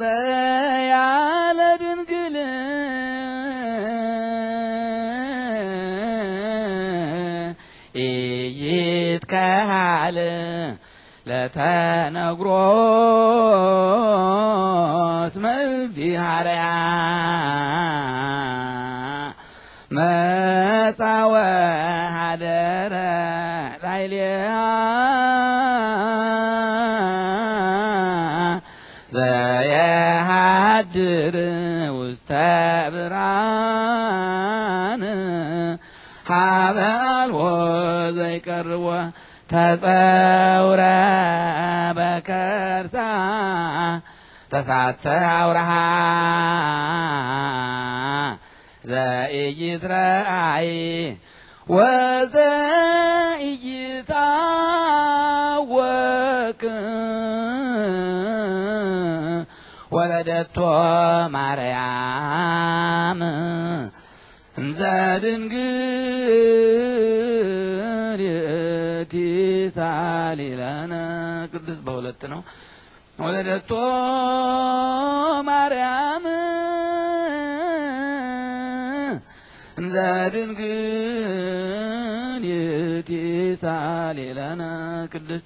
በያለ ድንግል ኢይትከሃል ለተነግሮስ መእግዚአርያ መጻወ ሀደረ ላይሌሃ ዘየሃድር ውስተ ብርሃን ሀበ አልቦ ዘይቀርቦ ተጸውረ በከርሳ ተሳተ አውረሃ ዘኢይትረአይ ወዘኢይታወክ ወለደቶ ማርያም እንዘ ድንግል ይእቲ ቅዱስ በሁለት ነው። ወለደቶ ማርያም እንዘ ድንግል ይእቲ ቅዱስ